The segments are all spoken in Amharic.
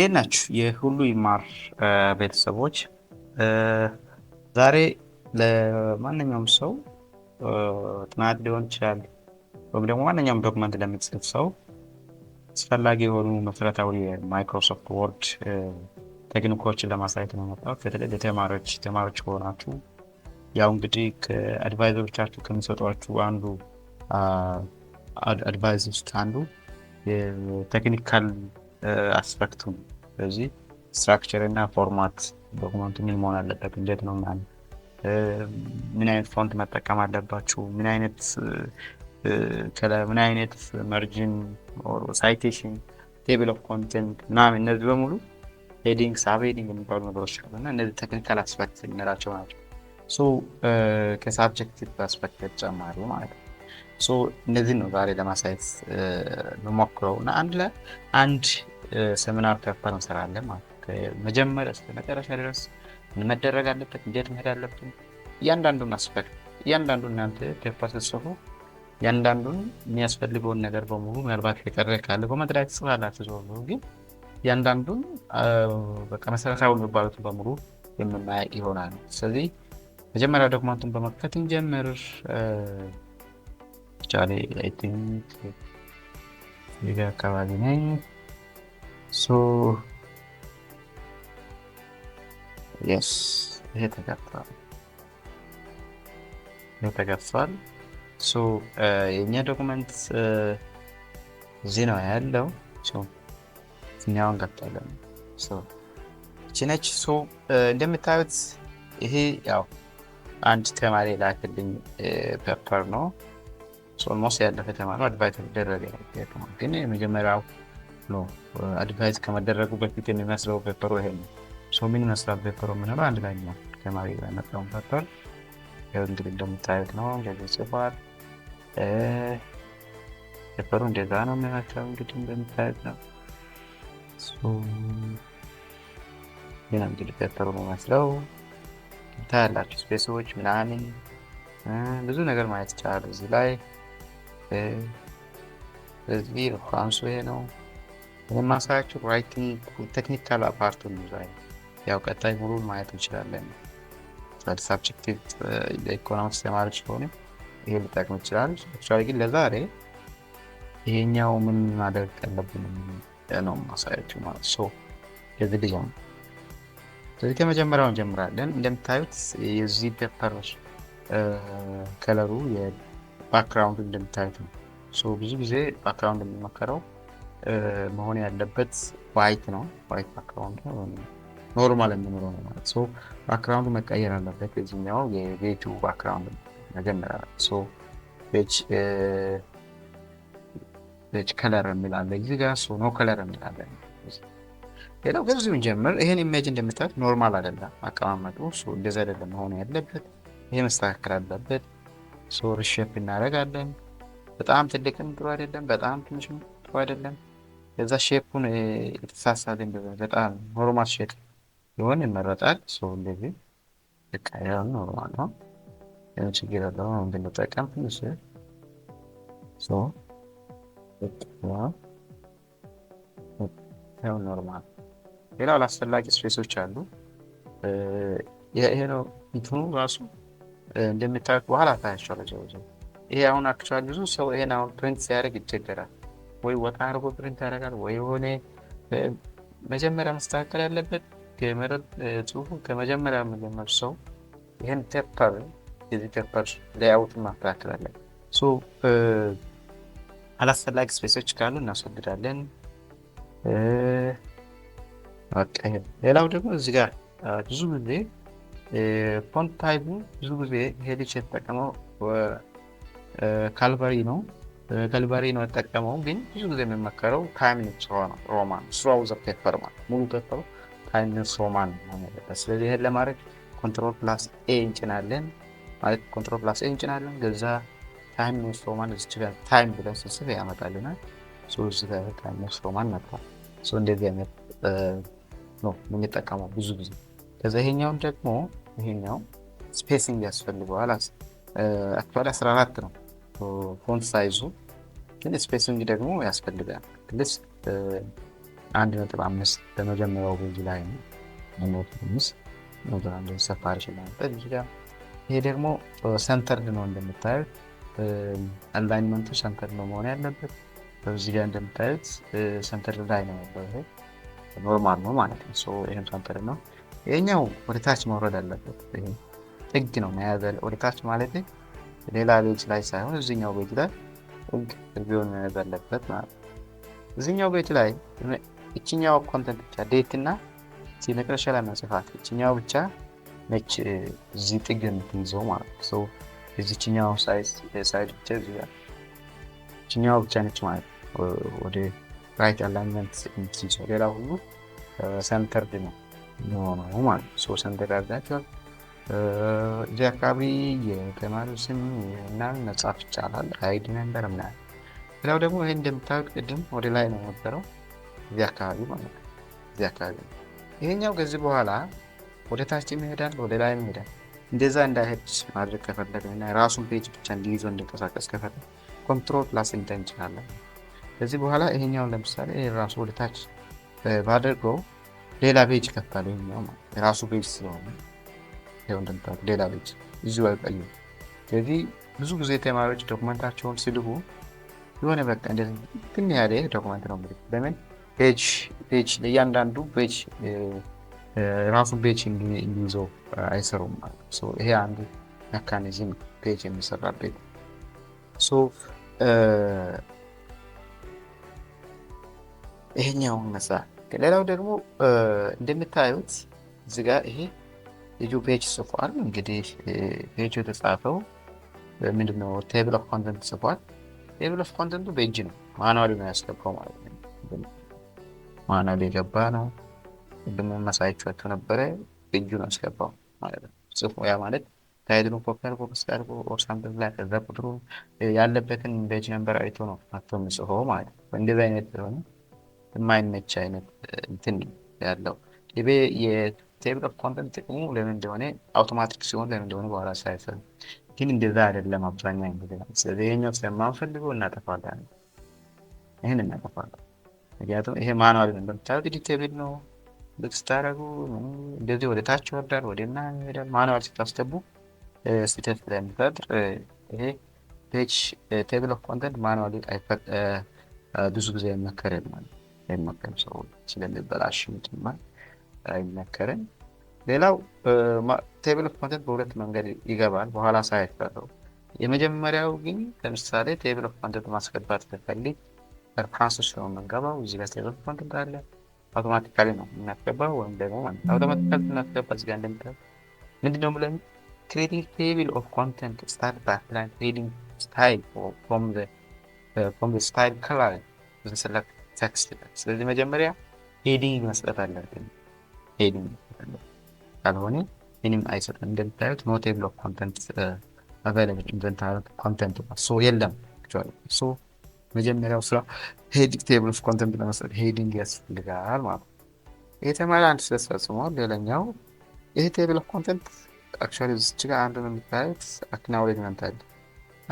እንዴት ናችሁ? የሁሉ ይማር ቤተሰቦች ዛሬ ለማንኛውም ሰው ጥናት ሊሆን ይችላል፣ ወይም ደግሞ ማንኛውም ዶክመንት ለሚጽፍ ሰው አስፈላጊ የሆኑ መሰረታዊ የማይክሮሶፍት ወርድ ቴክኒኮችን ለማሳየት ነው የመጣሁት። በተለይ ለተማሪዎች ተማሪዎች ከሆናችሁ ያው እንግዲህ ከአድቫይዘሮቻችሁ ከሚሰጧችሁ አንዱ አድቫይዝ ውስጥ አንዱ የቴክኒካል አስፔክቱ ነው። ስለዚህ ስትራክቸር እና ፎርማት ዶክመንቱ ምን መሆን አለበት፣ እንዴት ነው ምናምን፣ ምን አይነት ፎንት መጠቀም አለባችሁ፣ ምን አይነት ምን አይነት መርጅን ሳይቴሽን ቴብል ኦፍ ኮንቴንት ምናምን፣ እነዚህ በሙሉ ሄዲንግ ሳብ ሄዲንግ የሚባሉ ነገሮች አሉ እና እነዚህ ቴክኒካል አስፐክት የምንላቸው ናቸው። ሶ ከሳብጀክቲቭ አስፐክት ተጨማሪ ማለት ነው። እነዚህን ነው ዛሬ ለማሳየት የምሞክረው እና አንድ ላይ አንድ ሰሚናር ተፈር እንሰራለን ማለት መጀመሪያ እስከ መጨረሻ ድረስ ምን መደረግ አለበት፣ እንዴት መሄድ አለብን፣ እያንዳንዱን አስፈቅድ እያንዳንዱን እናንተ ተፈር ስትጽፉ እያንዳንዱን የሚያስፈልገውን ነገር በሙሉ ምናልባት የቀረ ካለ ኮመንት ላይ ትጽፋላችሁ። ዞሮ ግን እያንዳንዱን በቃ መሰረታዊ የሚባሉትን በሙሉ የምናያቅ ይሆናል። ስለዚህ መጀመሪያ ዶክመንቱን በመክፈት እንጀምር። ዛሬ አይ ቲንክ ሊቢያ አካባቢ ነኝ። ሶ የስ ይሄ ተገርቷል፣ ይሄ ተገርቷል። ሶ የእኛ ዶክመንት እዚህ ነው ያለው። እኛውን ገብታለን። እቺ ነች። ሶ እንደምታዩት ይሄ ያው አንድ ተማሪ ላክልኝ ፔፐር ነው። ኦልሞስት ያለፈ ተማሪ አድቫይዝ ተደረገ። ግን የመጀመሪያው ነው አድቫይዝ ከመደረጉ በፊት የሚመስለው ፔፐሩ ይሄ ነው። ምን ይመስላል ፔፐሩ የምንለው አንድ ላይ ነው ተማሪ ያመጣውን ፔፐር እንግዲህ እንደምታዩት ነው። እንደዚ ጽፏል። ፔፐሩ እንደዛ ነው የሚመስለው እንግዲህ እንደምታዩት ነው። ይህ ነው እንግዲህ ፔፐሩ የሚመስለው ታያላችሁ። ስፔሶች ምናምን ብዙ ነገር ማየት ይቻላል እዚህ ላይ ስለዚህ ፋንሱ ይሄ ነው የማሳያቸው። ራይቲንግ ቴክኒካል አፓርቱ ዛይ ያው ቀጣይ ሙሉ ማየት እንችላለን። ስለዚህ ሳብጀክቲቭ ኢኮኖሚክስ ተማሪ ስለሆነ ይሄ ሊጠቅም ይችላል። አክቹዋሊ ግን ለዛሬ ይሄኛው ምን ማድረግ ያለብን ነው ማሳያቸው ማለት ሰው የዚህ ነው። ስለዚህ ከመጀመሪያው እንጀምራለን። እንደምታዩት የዚህ ፔፐር ከለሩ ባክግራውንድ እንደምታዩት ነው። ብዙ ጊዜ ባክግራውንድ የሚመከረው መሆን ያለበት ዋይት ነው። ዋይት ባክግራውንድ ኖርማል የሚኖረው ነው ማለት ሶ ባክግራውንዱ መቀየር አለበት። የዚህኛው የቤቱ ባክግራውንድ መጀመሪያ ሶ ቤጅ ከለር የሚላለ ጊዜ ጋር ኖ ከለር የሚላለ ሌላው ከዚሁን ጀምር። ይህን ኢሜጅ እንደምታዩት ኖርማል አይደለም አቀማመጡ፣ እንደዚ አይደለም መሆን ያለበት። ይሄ መስተካከል አለበት። ሶል ሼፕ እናደርጋለን። በጣም ትልቅም ጥሩ አይደለም፣ በጣም ትንሽም ጥሩ አይደለም። ከዛ ሼፑን የተሳሳለ በጣም ኖርማል ሼፕ ቢሆን ይመረጣል። ሰው እንደዚህ ልቃየውን ኖርማል ነው፣ ምን ችግር አለው? ብንጠቀም ትንሽ ኖርማል። ሌላው አላስፈላጊ ስፔሶች አሉ። ይሄ ነው እንትኑ ራሱ እንደምታዩት በኋላ ታያቸዋል። ታያቸዋለ። ይሄ አሁን አክቹዋሊ ብዙ ሰው ይሄን አሁን ፕሪንት ሲያደርግ ይቸገራል። ወይ ወጣ አድርጎ ፕሪንት ያደርጋል፣ ወይ የሆነ መጀመሪያ መስተካከል ያለበት ጽሁፉ ከመጀመሪያ የሚጀመር ሰው ይህን ፔፐር የዚህ ፔፐር ላይአውቱን ማስተካከል አለበት። አላስፈላጊ ስፔሶች ካሉ እናስወግዳለን። ሌላው ደግሞ እዚህ ጋር ብዙ ጊዜ ፎንት ታይቡ ብዙ ጊዜ ሄሊች የተጠቀመው ካልቫሪ ነው። ካልቫሪ ነው የጠቀመው ግን ብዙ ጊዜ የሚመከረው ታይምኒስ ሮማን ስራው ዘ ፔፐር ማለት ሙሉ ፔፐሩ ታይምኒስ ሮማን መሆን ያለበት። ስለዚህ ይህን ለማድረግ ኮንትሮል ፕላስ ኤ እንጭናለን ማለት ኮንትሮል ፕላስ ኤ እንጭናለን። ገዛ ታይምኒስ ሮማን እዚች ጋር ታይም ብለን ስንስብ ያመጣልናል። ሶስት ታይምኒስ ሮማን መጥቷል። እንደዚህ አይነት ነው የምንጠቀመው ብዙ ጊዜ ከዛ ይሄኛውን ደግሞ ይሄኛው ስፔሲንግ ያስፈልገዋል። አክቹዋሊ 14 ነው ፎንት ሳይዙ፣ ግን ስፔሲንግ ደግሞ ያስፈልጋል። ትልስ አንድ ነጥብ አምስት በመጀመሪያው ቤጅ ላይ ነው። ሰፋሪ ስለማይጠል ይሄ ደግሞ ሰንተርድ ነው እንደምታዩት፣ አላይንመንቱ ሰንተር ነው መሆን ያለበት። በዚህ ጋር እንደምታዩት ሰንተር ላይ ነው ያለው። ኖርማል ነው ማለት ነው። ይህም ሰንተር ነው። ይሄኛው ወደ ታች መውረድ አለበት። ይሄ ጥግ ነው መያዝ ወደ ታች ማለት ሌላ ቤጅ ላይ ሳይሆን እዚኛው ቤጅ ላይ ጥግ ቢሆን መያዝ አለበት ማለት ነው። እዚኛው ቤጅ ላይ እችኛው ኮንተንት ብቻ ዴት እና መጨረሻ ላይ መጽፋት እችኛው ብቻ ነች እዚህ ጥግ የምትይዘው ማለት ነው። ሰው እዚችኛው ሳይድ ብቻ እዚህ ጋር እችኛዋ ብቻ ነች ማለት ወደ ራይት አላይንመንት የምትይዘው ሌላ ሁሉ ሰንተርድ ነው። ነው ነው ማለት ሶስት ያደርጋቸዋል። እዚህ አካባቢ የተማሪው ስም ምናምን መጻፍ ይቻላል። አይዲ ነንበር ምናምን። ሌላው ደግሞ ይሄ እንደምታዩት ቅድም ወደ ላይ ነው የነበረው እዚህ አካባቢ ማለት ነው። እዚህ አካባቢ ይሄኛው ከዚህ በኋላ ወደ ታች ይሄዳል፣ ወደ ላይ ይሄዳል። እንደዛ እንዳይሄድ ማድረግ ከፈለግን እና ራሱን ፔጅ ብቻ እንዲይዞ እንዲንቀሳቀስ ከፈለግን ኮንትሮል ፕላስ እንትን እንችላለን። ከዚህ በኋላ ይሄኛውን ለምሳሌ ራሱ ወደ ታች ባደርገው ሌላ ፔጅ ከፍታል። ይሄኛው የራሱ ፔጅ ስለሆነ ይኸው ሌላ ፔጅ ይዙ አይቆይም። ስለዚህ ብዙ ጊዜ ተማሪዎች ዶክመንታቸውን ሲልቡ የሆነ በቃ እንደዚህ ግን ያለ ዶክመንት ነው እንግዲህ ለምን ፔጅ ፔጅ ለእያንዳንዱ ፔጅ ራሱን ፔጅ እንዲይዘው አይሰሩም ማለት ይሄ አንዱ መካኒዝም ፔጅ የሚሰራበት ይሄኛውን መጽሐፍ ሌላው ደግሞ እንደምታዩት እዚህ ጋር ይሄ ልጁ ፔጅ ጽፏል። እንግዲህ ፔጅ የተጻፈው ምንድነው ቴብል ኦፍ ኮንተንት ጽፏል። ቴብል ኦፍ ኮንተንቱ በእጅ ነው፣ ማኑዋል ነው ያስገባው ማለት ነው። ማኑዋል የገባ ነው። ቅድሞ መሳያችኋቸው ነበረ። በእጁ ነው ያስገባው ማለት ነው ጽፎ ያ ማለት ታይድሮ ኮፒያር ፎከስ አድርጎ ኦርሳምፕል ላይ ከዛ ቁጥሩ ያለበትን ፔጅ ነምበር አይቶ ነው አቶ ምጽፎ ማለት ነው። እንደዚህ አይነት ሆነ የማይመች አይነት እንትን ያለው የቴብል ኦፍ ኮንተንት ጥቅሙ ለምን እንደሆነ አውቶማቲክ ሲሆን ለምን እንደሆነ በኋላ ሳይፈል ግን እንደዛ አይደለም አብዛኛው ጊዜ። ስለዚህ ይሄኛው ስለማንፈልገው እናጠፋለን፣ ይህን እናጠፋለን። ምክንያቱም ይሄ ማንዋል እንደምታዩት ዲ ቴብል ነው። ልክ ስታደረጉ እንደዚህ ወደ ታች ይወርዳል፣ ወደ ና ይሄዳል። ማንዋል ስታስገቡ ስህተት ስለሚፈጥር ይሄ ፔጅ ቴብል ኦፍ ኮንተንት ማንዋል ብዙ ጊዜ አይመከርም ማለት ነው። አይመከርም። ሰው ስለሚበላሽም ጭምር አይመከርም። ሌላው ቴብል ኦፍ ኮንቴንት በሁለት መንገድ ይገባል፣ በኋላ ሳይፈረው። የመጀመሪያው ግን ለምሳሌ ቴብል ኦፍ ኮንቴንት ማስገባት ተፈልግ ፐርፓንሶች ነው የምንገባው። እዚህ ጋር ቴብል ኦፍ ኮንቴንት አለ፣ አውቶማቲካሊ ነው የምናስገባው፣ ወይም ደግሞ አውቶማቲካሊ ስናስገባ እዚህ ጋር እንደምታ ምንድነው ብለን ክሬቲንግ ቴብል ኦፍ ኮንቴንት ስታርት ባክላይን ትሬዲንግ ስታይል ፍሮም ስታይል ከለር ዘ ቴክስት ይላል። ስለዚህ መጀመሪያ ሄዲንግ መስጠት አለብን። ሄዲንግ መስጠት ካልሆነ ምንም አይሰጥም። እንደምታዩት ኖ ቴብል ኦፍ ኮንተንት አቬለብል ኢንቨንታሪ ኮንተንት ሶ የለም። ሶ መጀመሪያው ስራ ሄዲንግ ቴብል ኦፍ ኮንተንት ለመስጠት ሄዲንግ ያስፈልጋል ማለት ነው። የተማሪ አንድ ስህተት ፈጽሟል። ሌላኛው ይህ ቴብል ኦፍ ኮንተንት አክቹዋሊ እዚች ጋር አንዱ ነው የምታዩት አክናውሌጅመንት አለ።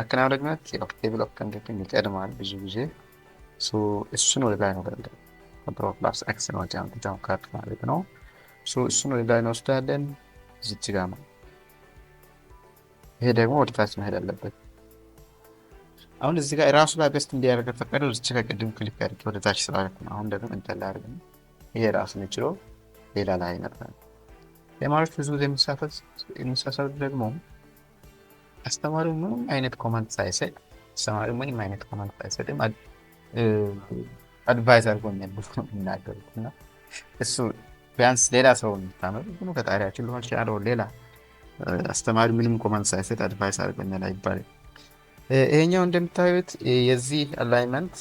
አክናውሌጅመንት ቴብል ኦፍ ኮንተንት ይቀድማል ብዙ ጊዜ ሶ እሱን ወደ ላይ ነው ገለገል ቁጥር ኦፍ ላፕስ ኤክስ ነው ጃም ካርድ ማለት ነው። ሶ እሱን ወደ ላይ እንወስዳለን እዚች ጋ ነው። ይሄ ደግሞ ወደታች መሄድ አለበት። አሁን እዚህ ጋር ራሱ ላይ ቤስት እንዲያደርገ ፈቀደው እዚች ጋ ቅድም ክሊክ አድርጌ ወደታች ስላደረኩ ነው። አሁን ደግሞ እንጠላ አድርግ ይሄ ራሱ የሚችለው ሌላ ላይ ይመጣል። ተማሪዎች ብዙ ጊዜ የሚሳሳቱት ደግሞ አስተማሪው ምንም አይነት ኮመንት ሳይሰጥ አስተማሪው ምንም አይነት ኮመንት ሳይሰጥም አድቫይዝ አድርጎ የሚያልፍ ነው የሚናገሩት እና እሱ ቢያንስ ሌላ ሰው የሚታመር ግን ፈጣሪያችን ሊሆን ይችላል። ሌላ አስተማሪ ምንም ኮማንድ ሳይሰጥ አድቫይስ አድርጎኛል አይባልም። ይሄኛው እንደምታዩት የዚህ አላይመንት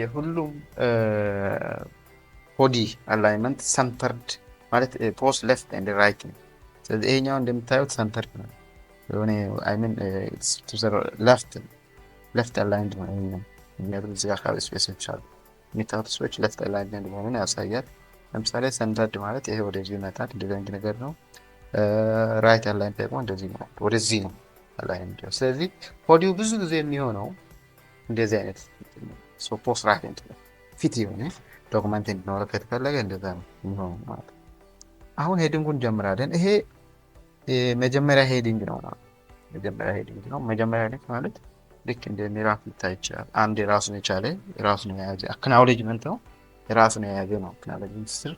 የሁሉም ቦዲ አላይመንት ሰንተርድ ማለት ፖስ ሌፍት ኤንድ ራይት ነው። ስለዚህ ይሄኛው እንደምታዩት ሰንተርድ ነው የሆነ ሌፍት አላይንድ ነው። ይሄኛው የሚያብል እዚህ አካባቢ ስፔሶች አሉ። የሚታወቱ ሰዎች ለተጠላለ መሆኑን ያሳያል። ለምሳሌ ሰንዳድ ማለት ይሄ ወደዚህ ይመጣል፣ እንደዚህ ነገር ነው። ራይት ያላይን ደግሞ እንደዚህ ነው፣ ወደዚህ ነው አላይን እንዲሆን። ስለዚህ ፖዲው ብዙ ጊዜ የሚሆነው እንደዚህ አይነት ፖስት ራይት ፊት የሆነ ዶክመንት እንዲኖረ ከተፈለገ እንደዛ ነው የሚሆኑ ማለት ነው። አሁን ሄዲንጉን እንጀምራለን። ይሄ መጀመሪያ ሄዲንግ ነው ማለት መጀመሪያ ሄዲንግ ነው። መጀመሪያ ሄዲንግ ማለት ልክ እንደ ሚራክ ሊታይ ይችላል። አንድ የራሱን የቻለ የራሱን የያዘ አክናውሌጅመንት ነው፣ የራሱን የያዘ ነው። አክናውሌጅመንት ስር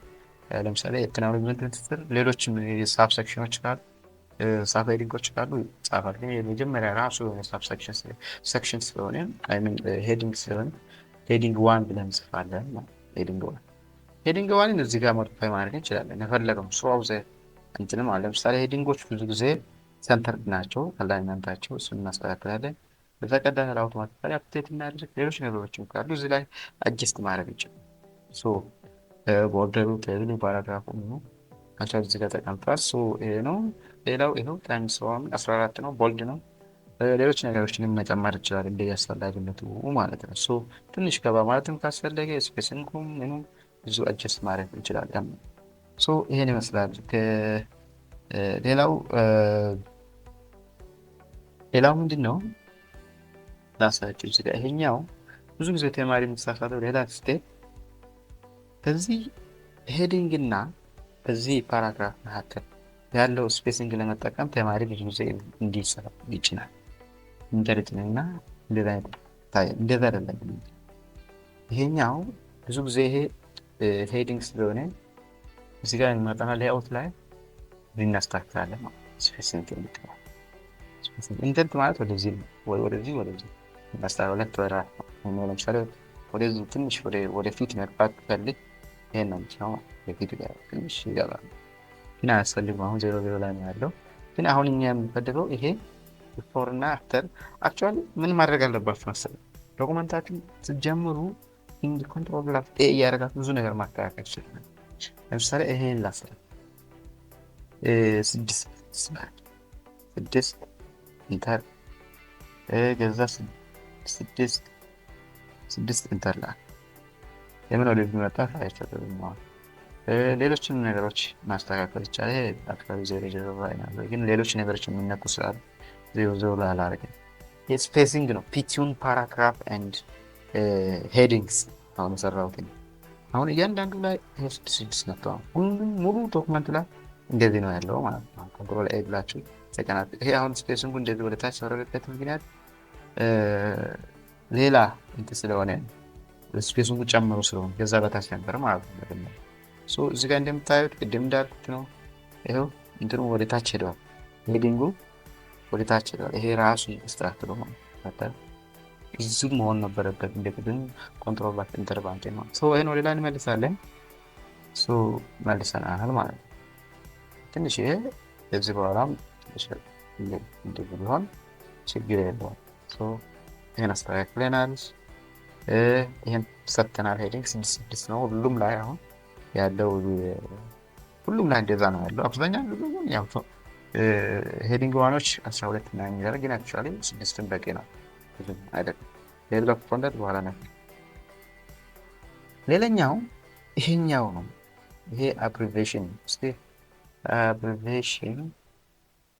ለምሳሌ የአክናውሌጅመንት ስትል ሌሎችም የሳብ ሳብሰክሽኖች ካሉ ሳብሄዲንጎች ካሉ ይጻፋል። ግን የመጀመሪያ ራሱ የሆነ ሳብሰክሽን ሴክሽን ስለሆነ ሄዲንግ ስለሆነ ሄዲንግ ዋን ብለን እንጽፋለን። ሄዲንግ ዋን ሄዲንግ ዋን እዚህ ጋር ሞዲፋይ ማድረግ እንችላለን የፈለገው ስሩ አብዘ እንትንም አለ። ለምሳሌ ሄዲንጎች ብዙ ጊዜ ሰንተርድ ናቸው፣ አላይመንታቸው እሱን እናስተካክላለን። በተቀዳተል አውቶማቲካሊ አፕዴት እናድርግ። ሌሎች ነገሮችም ካሉ እዚህ ላይ አጀስት ማድረግ ይችላል። ቦርደሩ ቴብሉ ፓራግራፉ ነው አቻ እዚህ ጋር ተቀምጧል። ይሄ ነው። ሌላው ይኸው ታይምስ ሮዋን አስራ አራት ነው ቦልድ ነው። ሌሎች ነገሮችንም መጨመር ይችላል እንደ አስፈላጊነቱ ማለት ነው። ትንሽ ገባ ማለትም ካስፈለገ ስፔስንኩም ምኑም ብዙ አጀስት ማድረግ እንችላለን። ይሄን ይመስላል። ሌላው ሌላው ምንድን ነው ላሳያችሁ እዚህ ጋር ይሄኛው ብዙ ጊዜ ተማሪ የምትሳሳተው ሌላ ስቴፕ በዚህ ሄዲንግ እና በዚህ ፓራግራፍ መካከል ያለው ስፔሲንግ ለመጠቀም ተማሪ ብዙ ጊዜ እንዲሰራ ይችላል። ኢንተርትንና እንደበረለን ይሄኛው ብዙ ጊዜ ይሄ ሄዲንግ ስለሆነ እዚህ ጋር የሚመጣና ሌአውት ላይ ልናስተካክላለን ማለት ስፔሲንግ እንድትባል ስፔሲንግ ኢንተንት ማለት ወደዚህ ወደዚህ ወደዚህ በአስራ ሁለት ወራት ነው። ለምሳሌ ወደ ትንሽ ወደፊት መግባት ትፈልግ ይሄን ነው ምችለው ወደፊት ትንሽ ይገባል፣ ግን አያስፈልግም። አሁን ዜሮ ዜሮ ላይ ነው ያለው። ግን አሁን እኛ የምንፈልገው ይሄ ቢፎር እና አፍተር። አክቹዋሊ ምን ማድረግ አለባችሁ መሰለኝ ዶኩመንታችን ስትጀምሩ ኢንድ ኮንትሮል ግራፍ ኤ እያደረጋችሁ ብዙ ነገር ማስተካከል ይችላል። ለምሳሌ ይሄን ላስራ ስድስት ስድስት ኢንተር ገዛ ስድስት ስድስት ስድስት ላል የምን ወደ መጣ ታያቸው ተብኛዋል። ሌሎችንም ነገሮች ማስተካከል ይቻላል። አካባቢ ዜሮ ዜሮ ላይ ነው፣ ግን ሌሎች ነገሮች የሚነኩ ስላሉ ዜሮ ዜሮ ላይ አላደርግም። የስፔሲንግ ነው ፒቲውን ፓራግራፍ ኤንድ ሄዲንግስ አሁን የሰራሁት አሁን እያንዳንዱ ላይ ስድስት ስድስት ነጥብ ነው። ሁሉም ሙሉ ዶክመንት ላይ እንደዚህ ነው ያለው ማለት ነው። ኮንትሮል ኤ ብላችሁ ተቀናት። ይሄ አሁን ስፔሲንጉ እንደዚህ ወደታች ሰረለበት ምክንያት ሌላ እንትን ስለሆነ ስፔሱን ጨምሮ ስለሆነ ገዛ በታች ነበር ማለት ነው። እዚህ ጋር እንደምታዩት ቅድም እንዳልኩት ነው። ይኸው እንትኑ ወደ ታች ሄደዋል፣ ሄዲንጉ ወደ ታች ሄደዋል። ይሄ ራሱ ስትራክት ለሆነ እዚሁ መሆን ነበረበት እንደ ቅድም ኮንትሮል ባክ ኢንተር ባንክ ነው። ይህን ወደ ላይ እንመልሳለን። መልሰናል ማለት ነው። ትንሽ ይሄ ከዚህ በኋላም ትንሽ ቢሆን ችግር የለውም። ይህን አስተካክለናል። ይህን ሰጥተናል። ሄዲንግ ስድስት ስድስት ነው ሁሉም ላይ አሁን ያለው ሁሉም ላይ እንደዛ ነው ያለው። አብዛኛው ብዙ ሄዲንግ ዋኖች አስራ ሁለት እና የሚደረግ ግን አክቹዋሊ ስድስትን በቂ ነው ብዙም አይደለም። ሌላ ኮንደት በኋላ ነው። ሌላኛው ይሄኛው ነው። ይሄ አብሪቬሽን ስ አብሪቬሽን